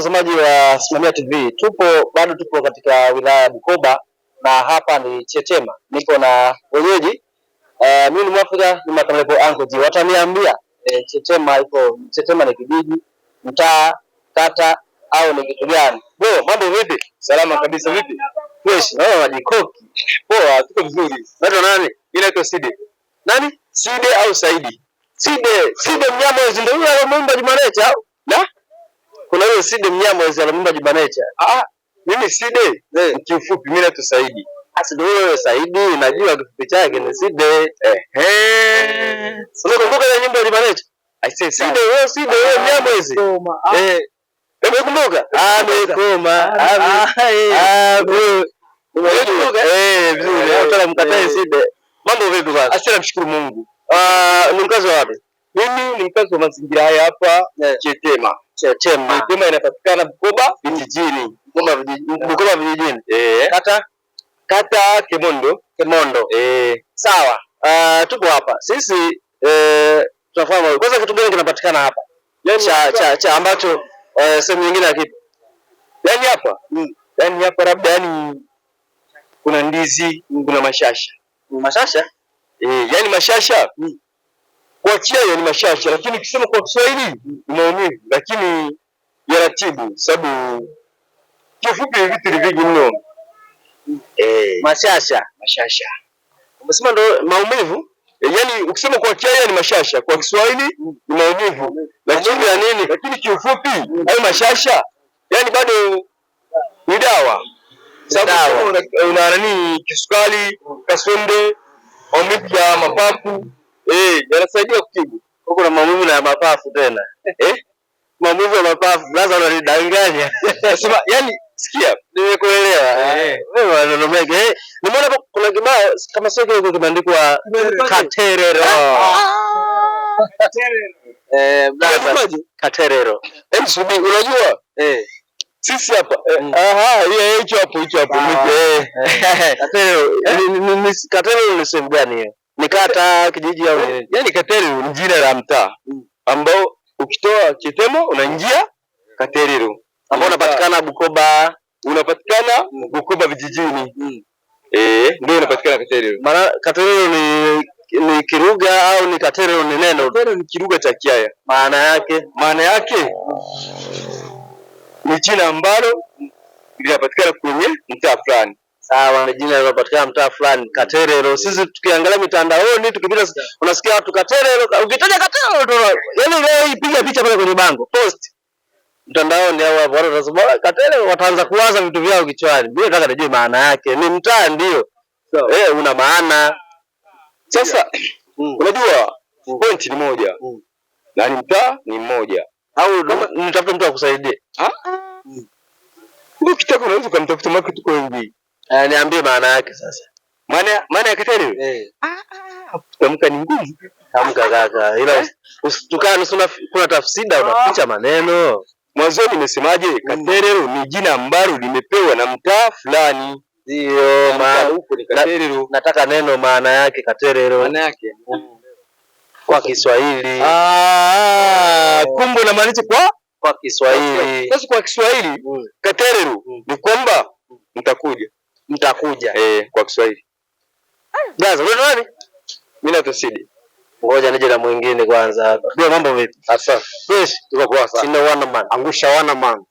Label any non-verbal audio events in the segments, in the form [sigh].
Mtazamaji wa Simamia TV, tupo bado tupo katika wilaya ya Bukoba na hapa ni Chetema, niko na wenyeji e, mimi ni Mwafrika ni anko ji wataniambia eh, Chetema iko Chetema ni kijiji, mtaa, kata au ni kitu gani? Bo, mambo vipi? Salama kabisa. Vipi? Fresh. Na wewe majikoki. Poa, tuko vizuri. Naitwa nani? Ile iko Sidi. Nani? Sidi au Saidi? Sidi, Sidi mnyama hizo ndio yule aliyemwimba Jumanecha au? Na? kuna huyo Side Mnyama wezi alamimba jibanecha. Ah, mimi Side eh, kifupi mimi naitwa Saidi. Asi ah, ndio wewe Saidi, najua kifupi chake ni Side. eh. Sasa kumbuka ile nyimbo ya jibanecha. I say Side wewe Side wewe ah, Mnyama hizi. Ah. Eh. Hebu kumbuka. Ah, Amekoma. Ame. Umekumbuka? Eh, vizuri. Eh. Hata mkatae eh. Side. Mambo vipi bwana? Asante, namshukuru Mungu. Ah, ni mkazi wapi? Mimi ni mkazi wa mazingira haya hapa eh. Chetema. Chetema. Chetema inapatikana Bukoba vijijini. Bukoba vijijini. Eh. eh. Kata kata Kimondo. Kimondo. Eh. Sawa. Uh, tuko hapa. Sisi eh tunafahamu kwanza kitu gani kinapatikana hapa? Yaani cha, cha, cha ambacho eh, sehemu nyingine hakipo. Yaani hapa. Mm. Yaani hapa labda yani kuna ndizi, kuna mashasha. Mashasha? Eh, yani mashasha. Mm kuachia ni machache, lakini ukisema kwa Kiswahili ni maumivu, lakini yaratibu, sababu kifupi vitu vingi mno. Eh, mashasha mashasha, umesema ndo maumivu eh, yani ukisema kwa Kiarabu ni mashasha, kwa Kiswahili ni maumivu, lakini ya nini? Lakini kiufupi hayo mashasha, yani bado ni dawa, sababu una nani, kisukari, kaswende, maumivu ya mapafu Eh, yanasaidia kutibu. Huko na maumivu na mapafu tena. Eh? Maumivu ya mapafu, lazima unanidanganya. [laughs] Sema yani sikia, nimekuelewa. Eh, wewe maneno mengi. Eh, nimeona kuna kibao kama sio kile kimeandikwa Katerero. Katerero. Ah, ah. [laughs] Eh, blaza Katerero. Eh, unajua? Eh. Sisi hapa eh, mm. aha, hiyo hicho hapo hicho hapo. Ah. Eh. eh. [laughs] Katerero. Ni Katerero ni sehemu gani hiyo? ni kata kijiji au yani, Kateriru ni jina la mtaa ambao ukitoa Kitemo unaingia Kateriru ambao unapatikana Bukoba, unapatikana Bukoba vijijini Eh, ndio unapatikana Kateriru. Maana Kateriru ni, ni Kiruga au ni Kateriru ni neno? Kateriru ni Kiruga cha Kiaya. Maana yake maana yake ni jina ambalo linapatikana kwenye mtaa fulani sawa na jina linalopatikana mtaa fulani Katerero. Sisi tukiangalia mitandaoni tukipita, unasikia watu Katerero, ukitaja Katerero, yani leo ipiga picha pale kwenye bango post mtandaoni au hapo, watu watasema Katerero, wataanza kuwaza vitu vyao kichwani. Mimi nataka nijue maana yake, ni mtaa ndio so, eh una maana sasa. Mm, mm. Unajua mm. point ni moja mm. na ni mtaa ni mmoja, au nitafute mtu akusaidie. Ah, mm. ukitaka unaweza ukamtafuta mtu kwa wengi Eh, niambie maana yake sasa. Maana maana ya kitendo? Eh. Ah ah, kutamka ah. ni ngumu. Tamka kaka. Ila eh? usitukane, sana, kuna tafsida ah. unaficha maneno. Mwanzo nimesemaje? Mm. Katerero ni jina ambalo limepewa na mtaa fulani. Ndio maana huko ni Katerero. Nataka neno maana yake Katerero. Maana yake kwa Kiswahili. Ah, ah, kumbe unamaanisha kwa kwa Kiswahili. Sasa kwa Kiswahili, mm. Katerero mm. ni kwamba mtakuja mtakuja eh, kwa Kiswahili ah. jaza wewe nani? Mimi na tusidi. Ngoja nije na mwingine kwanza hapa. Bila mambo vipi? Sasa. fresh tuko poa sana. Sina wana man. Angusha wana man.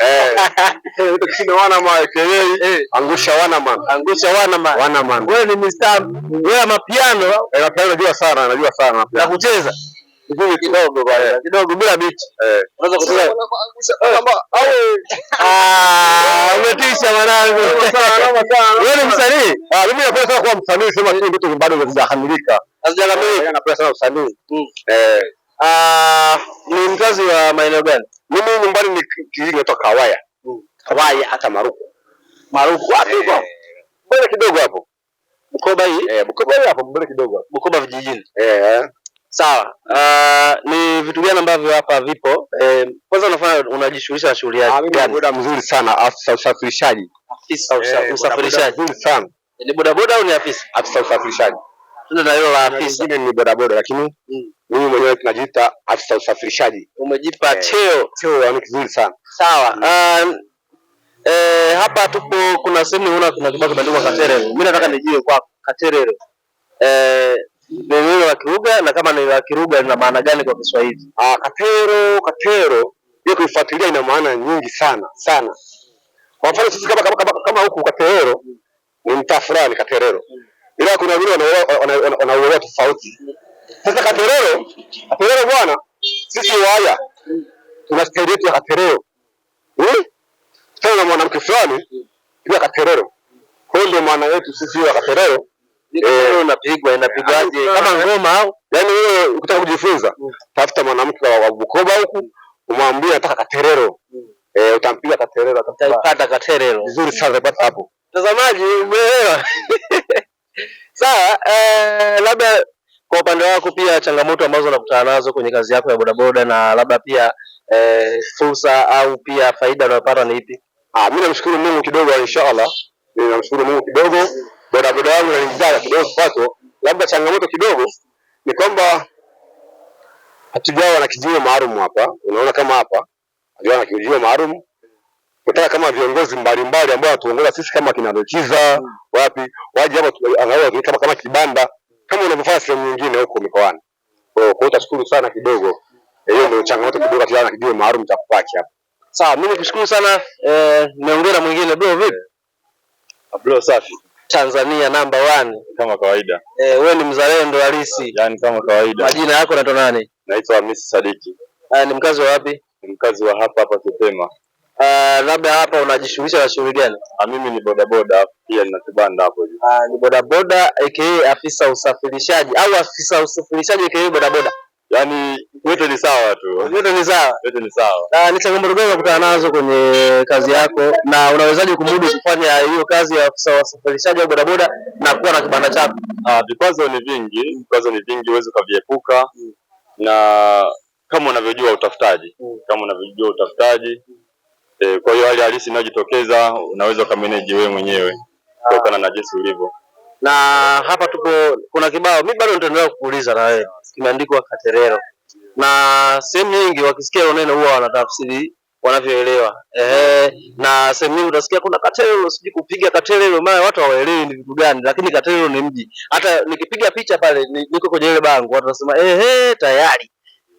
Eh. [laughs] Sina wana man. kelele eh. Angusha wana man. Angusha wana man. Wana man. Wewe ni Mr. Wewe mapiano. Eh, mapiano najua sana, najua sana. Na kucheza? kivuli kidogo bwana, eh. kidogo bila bichi. Eh. Unaweza kusema au ah, ah umetisha mwanangu. Wewe ni msanii? Ah, mimi napenda sana kuwa msanii, sema hivi vitu bado havijakamilika. Hazijakamilika. Napenda sana usanii. Mm. Eh. Ah, ni mkazi wa maeneo gani? Mimi nyumbani ni kijiji kutoka Kawaya. Mm. Kawaya hata Maruku. Maruku wapi eh. huko? Mbele kidogo hapo. Bukoba hii? Eh, Bukoba hapo mbele kidogo. Bukoba vijijini. Eh. Sawa. Uh, ni vitu gani ambavyo hapa vipo? Eh, kwanza unafanya unajishughulisha na shughuli yako. Ah, mimi ni boda mzuri sana, afisa usafirishaji. Afisa eh, usafirishaji. Mzuri sana. Eh, ni boda boda au ni afisa? Afisa usafirishaji. Tuna na hilo la afisa. Mimi ni boda boda lakini hmm. mimi mm. mwenyewe tunajiita afisa usafirishaji. Umejipa eh, cheo. Cheo ni yaani kizuri sana. Sawa. Mm. Uh, eh, hapa tupo kuna sehemu unaona kuna kibao kimeandikwa Katerero. Mimi nataka nijue kwa Katerero. Eh, ni neno la Kiruga na kama ni la Kiruga lina maana gani kwa Kiswahili? Ah, katero katero, hiyo kuifuatilia ina maana nyingi sana sana. Kwa mfano sisi kama kama kama huku katero ni mtaa fulani katerero, ila kuna wengine wanauelewa tofauti. Sasa katerero katerero, bwana, sisi waya tuna staili yetu ya katerero eh, tena mwanamke fulani pia katerero, kwa hiyo ndio maana yetu sisi wa katerero eh, unapigwa inapigwaje kama eh. ngoma au yani, wewe ukitaka kujifunza mm. tafuta mwanamke wa Bukoba huku umwambie nataka katerero mm. eh, utampiga katerero, utaipata katerero vizuri sana ipata hapo. Mtazamaji umeelewa? [laughs] Sawa, eh, labda kwa upande wako pia changamoto ambazo unakutana nazo kwenye kazi yako ya bodaboda na labda pia eh, fursa au pia faida unayopata ni ipi? Ah, mimi namshukuru Mungu kidogo inshallah, mimi namshukuru Mungu kidogo bodaboda wangu na nilizala kidogo kipato, labda changamoto kidogo ni kwamba hatujawa na kijimbo maalum hapa. Unaona kama hapa hatujawa na kijimbo maalum kutaka kama viongozi mbalimbali ambao watuongoza sisi kama kina mm. wapi waje hapa angalau kama kama kibanda kama unavyofanya sehemu nyingine huko mikoani. Kwa hiyo utashukuru sana kidogo. Eh, hiyo ndio changamoto kidogo hatujawa na kijimbo maalum cha kupaki hapa. Sawa, mimi nikushukuru sana eh, nimeongea mwingine bro vipi? Bro safi. Tanzania namba one kama kawaida. Eh, wewe ni mzalendo halisi. Yaani kama kawaida. Majina yako naitwa nani? Naitwa Hamisi Sadiki. Ah, ni mkazi wa wapi? Ni mkazi wa hapa hapa Kitema. Ah, labda hapa unajishughulisha na shughuli gani? Ah, mimi ni bodaboda pia nina kibanda hapo hivi. Ah, ni bodaboda aka afisa usafirishaji au afisa usafirishaji aka bodaboda. Yaani yote ni sawa tu. Yote ni sawa. Yote ni sawa. Na ah, ni changamoto gani unakutana nazo kwenye kazi yako na unawezaje kumudu kufanya hiyo kazi ya afisa au bodaboda na kuwa na kibanda chako? Ah, vikwazo ni vingi, vikwazo ni vingi uweze ukaviepuka na kama unavyojua utafutaji mm. kama unavyojua utafutaji E, kwa hiyo hali halisi inayojitokeza unaweza ukameneji wewe mwenyewe kutokana na jinsi ulivyo. Na hapa tuko kuna kibao, mimi bado nitaendelea kukuuliza na wewe kimeandikwa Katerero, na sehemu nyingi wakisikia hilo neno huwa wanatafsiri wanavyoelewa. eh, na sehemu nyingi utasikia kuna Katerero, sijui kupiga Katerero, maana watu hawaelewi ni vitu gani, lakini Katerero ni mji. Hata nikipiga picha pale, niko kwenye ile bango, watu wanasema eh, tayari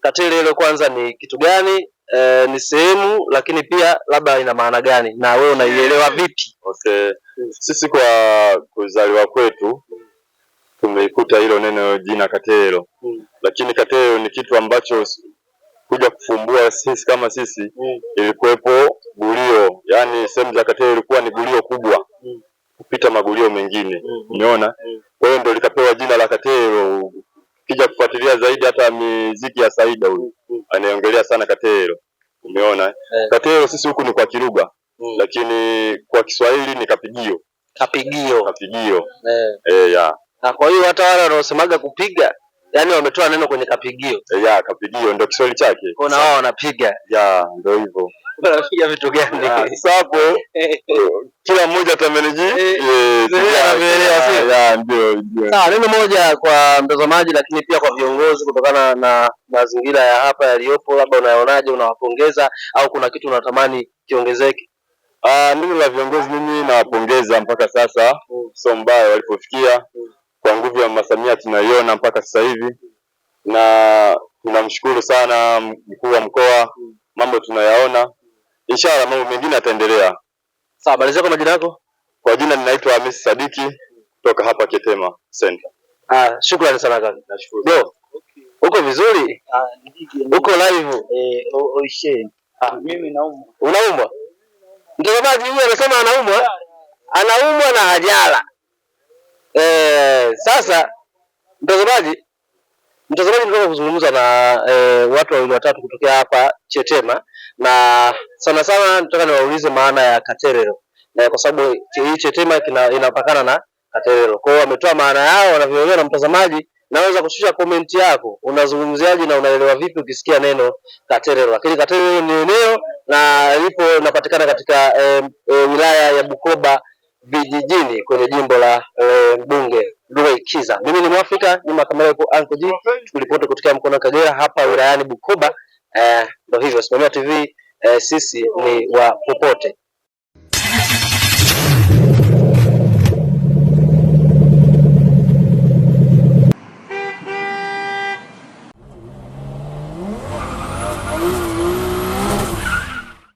Katerero kwanza ni kitu gani? E, ni sehemu lakini pia labda ina maana gani, na wewe unaielewa vipi? Okay. Sisi kwa kuzaliwa kwetu tumeikuta hilo neno jina Katelo mm. Lakini Katelo ni kitu ambacho kuja kufumbua sisi kama sisi mm. Ilikuwepo gulio, yani sehemu za Katelo ilikuwa ni gulio kubwa mm. kupita magulio mengine mm. Umeona mm. Kwa hiyo ndio likapewa jina la Katelo. kija kufuatilia zaidi hata miziki ya Saida huyu mm. mm. anaongelea sana Katelo, umeona eh. Katelo sisi huku ni kwa Kiruga mm. Lakini kwa Kiswahili ni kapigio, kapigio, kapigio. Eh. Eh, ya na kwa hiyo hata wale wanaosemaga kupiga yani wametoa neno kwenye kapigio. Yeah, kapigio ndio Kiswahili chake. Kuna wao wanapiga. Yeah, ndio hivyo. [laughs] Wanapiga vitu gani? Sapo [laughs] kila mmoja atameneji. Eh, eh, eh, ndio ndio. Sawa, ah, neno moja kwa mtazamaji, lakini pia kwa viongozi, kutokana na mazingira ya hapa yaliyopo, labda unaonaje, unawapongeza au kuna kitu unatamani kiongezeke? Ah, neno la viongozi, mimi nawapongeza mpaka sasa, mm. so mbaya walipofikia mm kwa nguvu ya Masamia tunaiona mpaka sasa hivi, na tunamshukuru sana mkuu wa mkoa, mambo tunayaona, inshallah mambo mengine yataendelea. Sawa, malizia kwa majina yako. Kwa jina ninaitwa Hamisi Sadiki kutoka hapa Ketema Center. Ah, shukrani sana kaka. Nashukuru. Ndio. Uko vizuri? Ah, uko live. Eh, oh, oh, Ah, mimi naumwa. Unaumwa? Ndio basi huyu anasema anaumwa. Anaumwa na ajala. Eh, sasa mtazamaji mtazamaji nitaka kuzungumza na eh, watu wawili watatu kutokea hapa Chetema na sana sana nataka niwaulize maana ya Katerero na eh, kwa sababu hii Chetema inapakana na Katerero. Kwa hiyo wametoa maana yao wanavyoelewa, na mtazamaji naweza kushusha komenti yako, unazungumziaje na unaelewa vipi ukisikia neno Katerero? Lakini Katerero ni eneo na lipo linapatikana katika e, eh, wilaya ya Bukoba vijijini kwenye jimbo la e, eh, mbunge Luweikiza. Mimi ni Mwafrika nyuma kamera yuko Uncle G, tukiripoti kutokea mkoa wa Kagera hapa wilayani Bukoba. Eh, ndio e, hivyo Simamia TV e, eh, sisi ni wa popote.